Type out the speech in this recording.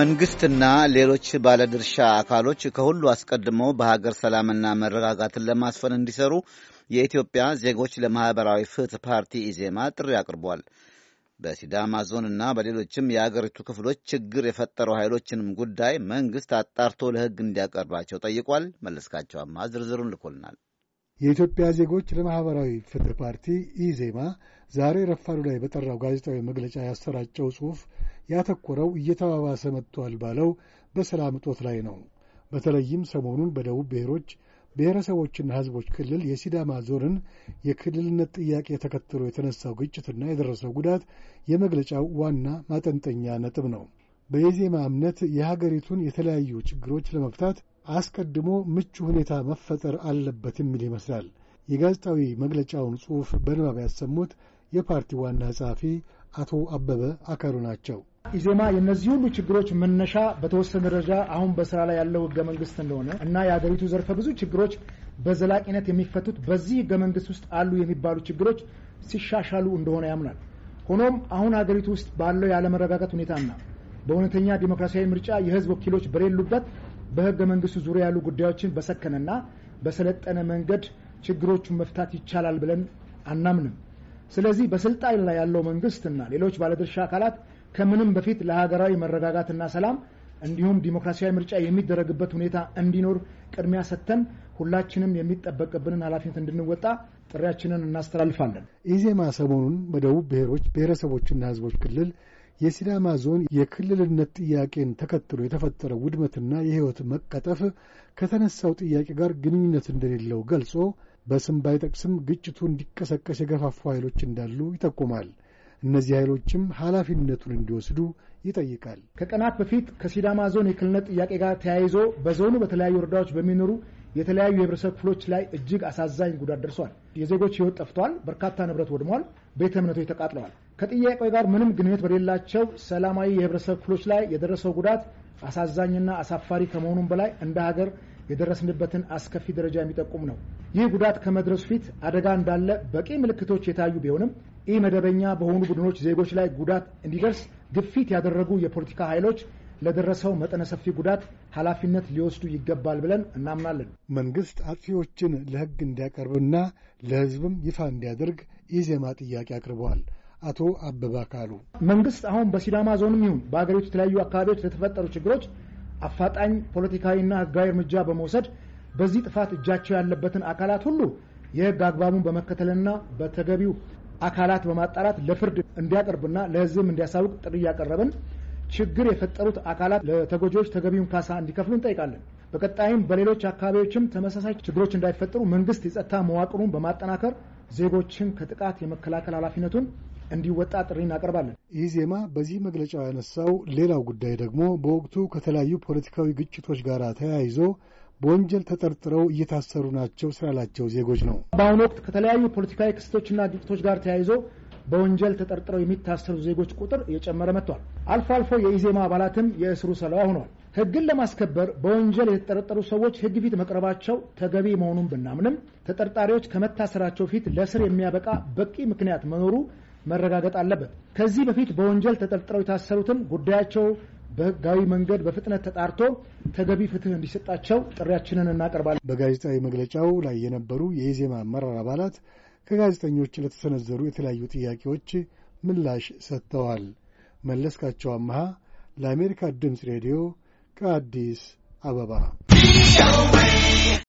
መንግስትና ሌሎች ባለድርሻ አካሎች ከሁሉ አስቀድመው በሀገር ሰላምና መረጋጋትን ለማስፈን እንዲሰሩ የኢትዮጵያ ዜጎች ለማህበራዊ ፍትህ ፓርቲ ኢዜማ ጥሪ አቅርቧል። በሲዳማ ዞንና በሌሎችም የአገሪቱ ክፍሎች ችግር የፈጠሩ ኃይሎችንም ጉዳይ መንግስት አጣርቶ ለህግ እንዲያቀርባቸው ጠይቋል። መለስካቸው አማ ዝርዝሩን ልኮልናል። የኢትዮጵያ ዜጎች ለማህበራዊ ፍትህ ፓርቲ ኢዜማ ዛሬ ረፋዱ ላይ በጠራው ጋዜጣዊ መግለጫ ያሰራጨው ጽሑፍ ያተኮረው እየተባባሰ መጥቷል ባለው በሰላም እጦት ላይ ነው። በተለይም ሰሞኑን በደቡብ ብሔሮች ብሔረሰቦችና ሕዝቦች ክልል የሲዳማ ዞንን የክልልነት ጥያቄ ተከትሎ የተነሳው ግጭትና የደረሰው ጉዳት የመግለጫው ዋና ማጠንጠኛ ነጥብ ነው። በየዜማ እምነት የሀገሪቱን የተለያዩ ችግሮች ለመፍታት አስቀድሞ ምቹ ሁኔታ መፈጠር አለበት የሚል ይመስላል። የጋዜጣዊ መግለጫውን ጽሑፍ በንባብ ያሰሙት የፓርቲ ዋና ጸሐፊ አቶ አበበ አከሩ ናቸው። ኢዜማ የእነዚህ ሁሉ ችግሮች መነሻ በተወሰነ ደረጃ አሁን በስራ ላይ ያለው ህገ መንግስት እንደሆነ እና የሀገሪቱ ዘርፈ ብዙ ችግሮች በዘላቂነት የሚፈቱት በዚህ ህገ መንግስት ውስጥ አሉ የሚባሉ ችግሮች ሲሻሻሉ እንደሆነ ያምናል። ሆኖም አሁን ሀገሪቱ ውስጥ ባለው ያለመረጋጋት ሁኔታና በእውነተኛ ዲሞክራሲያዊ ምርጫ የህዝብ ወኪሎች በሌሉበት በህገ መንግስቱ ዙሪያ ያሉ ጉዳዮችን በሰከነና በሰለጠነ መንገድ ችግሮቹን መፍታት ይቻላል ብለን አናምንም። ስለዚህ በስልጣን ላይ ያለው መንግስትና ሌሎች ባለድርሻ አካላት ከምንም በፊት ለሀገራዊ መረጋጋትና ሰላም እንዲሁም ዲሞክራሲያዊ ምርጫ የሚደረግበት ሁኔታ እንዲኖር ቅድሚያ ሰጥተን ሁላችንም የሚጠበቅብንን ኃላፊነት እንድንወጣ ጥሪያችንን እናስተላልፋለን። ኢዜማ ሰሞኑን በደቡብ ብሔሮች ብሔረሰቦችና ህዝቦች ክልል የሲዳማ ዞን የክልልነት ጥያቄን ተከትሎ የተፈጠረው ውድመትና የህይወት መቀጠፍ ከተነሳው ጥያቄ ጋር ግንኙነት እንደሌለው ገልጾ በስም ባይጠቅስም ግጭቱ እንዲቀሰቀስ የገፋፉ ኃይሎች እንዳሉ ይጠቁማል። እነዚህ ኃይሎችም ኃላፊነቱን እንዲወስዱ ይጠይቃል። ከቀናት በፊት ከሲዳማ ዞን የክልልነት ጥያቄ ጋር ተያይዞ በዞኑ በተለያዩ ወረዳዎች በሚኖሩ የተለያዩ የህብረተሰብ ክፍሎች ላይ እጅግ አሳዛኝ ጉዳት ደርሷል። የዜጎች ህይወት ጠፍቷል። በርካታ ንብረት ወድሟል። ቤተ እምነቶች ተቃጥለዋል። ከጥያቄው ጋር ምንም ግንኙነት በሌላቸው ሰላማዊ የህብረተሰብ ክፍሎች ላይ የደረሰው ጉዳት አሳዛኝና አሳፋሪ ከመሆኑም በላይ እንደ ሀገር የደረስንበትን አስከፊ ደረጃ የሚጠቁም ነው። ይህ ጉዳት ከመድረሱ ፊት አደጋ እንዳለ በቂ ምልክቶች የታዩ ቢሆንም ኢ መደበኛ በሆኑ ቡድኖች ዜጎች ላይ ጉዳት እንዲደርስ ግፊት ያደረጉ የፖለቲካ ኃይሎች ለደረሰው መጠነ ሰፊ ጉዳት ኃላፊነት ሊወስዱ ይገባል ብለን እናምናለን። መንግሥት አጥፊዎችን ለሕግ እንዲያቀርብና ለሕዝብም ይፋ እንዲያደርግ ኢዜማ ጥያቄ አቅርበዋል። አቶ አበባ ካሉ መንግሥት አሁን በሲዳማ ዞንም ይሁን በአገሪቱ የተለያዩ አካባቢዎች ለተፈጠሩ ችግሮች አፋጣኝ ፖለቲካዊና ህጋዊ እርምጃ በመውሰድ በዚህ ጥፋት እጃቸው ያለበትን አካላት ሁሉ የህግ አግባቡን በመከተልና በተገቢው አካላት በማጣራት ለፍርድ እንዲያቀርብና ለህዝብም እንዲያሳውቅ ጥሪ እያቀረብን ችግር የፈጠሩት አካላት ለተጎጂዎች ተገቢውን ካሳ እንዲከፍሉ እንጠይቃለን። በቀጣይም በሌሎች አካባቢዎችም ተመሳሳይ ችግሮች እንዳይፈጠሩ መንግስት የጸጥታ መዋቅሩን በማጠናከር ዜጎችን ከጥቃት የመከላከል ኃላፊነቱን እንዲወጣ ጥሪ እናቀርባለን። ይህ ዜማ በዚህ መግለጫው ያነሳው ሌላው ጉዳይ ደግሞ በወቅቱ ከተለያዩ ፖለቲካዊ ግጭቶች ጋር ተያይዞ በወንጀል ተጠርጥረው እየታሰሩ ናቸው ስላላቸው ዜጎች ነው። በአሁኑ ወቅት ከተለያዩ ፖለቲካዊ ክስቶችና ግጭቶች ጋር ተያይዞ በወንጀል ተጠርጥረው የሚታሰሩ ዜጎች ቁጥር እየጨመረ መጥቷል። አልፎ አልፎ የኢዜማ አባላትም የእስሩ ሰለባ ሆኗል። ህግን ለማስከበር በወንጀል የተጠረጠሩ ሰዎች ህግ ፊት መቅረባቸው ተገቢ መሆኑን ብናምንም ተጠርጣሪዎች ከመታሰራቸው ፊት ለስር የሚያበቃ በቂ ምክንያት መኖሩ መረጋገጥ አለበት። ከዚህ በፊት በወንጀል ተጠርጥረው የታሰሩትም ጉዳያቸው በህጋዊ መንገድ በፍጥነት ተጣርቶ ተገቢ ፍትህ እንዲሰጣቸው ጥሪያችንን እናቀርባለን። በጋዜጣዊ መግለጫው ላይ የነበሩ የኢዜማ አመራር አባላት ከጋዜጠኞች ለተሰነዘሩ የተለያዩ ጥያቄዎች ምላሽ ሰጥተዋል። መለስካቸው አመሃ ለአሜሪካ ድምፅ ሬዲዮ ከአዲስ አበባ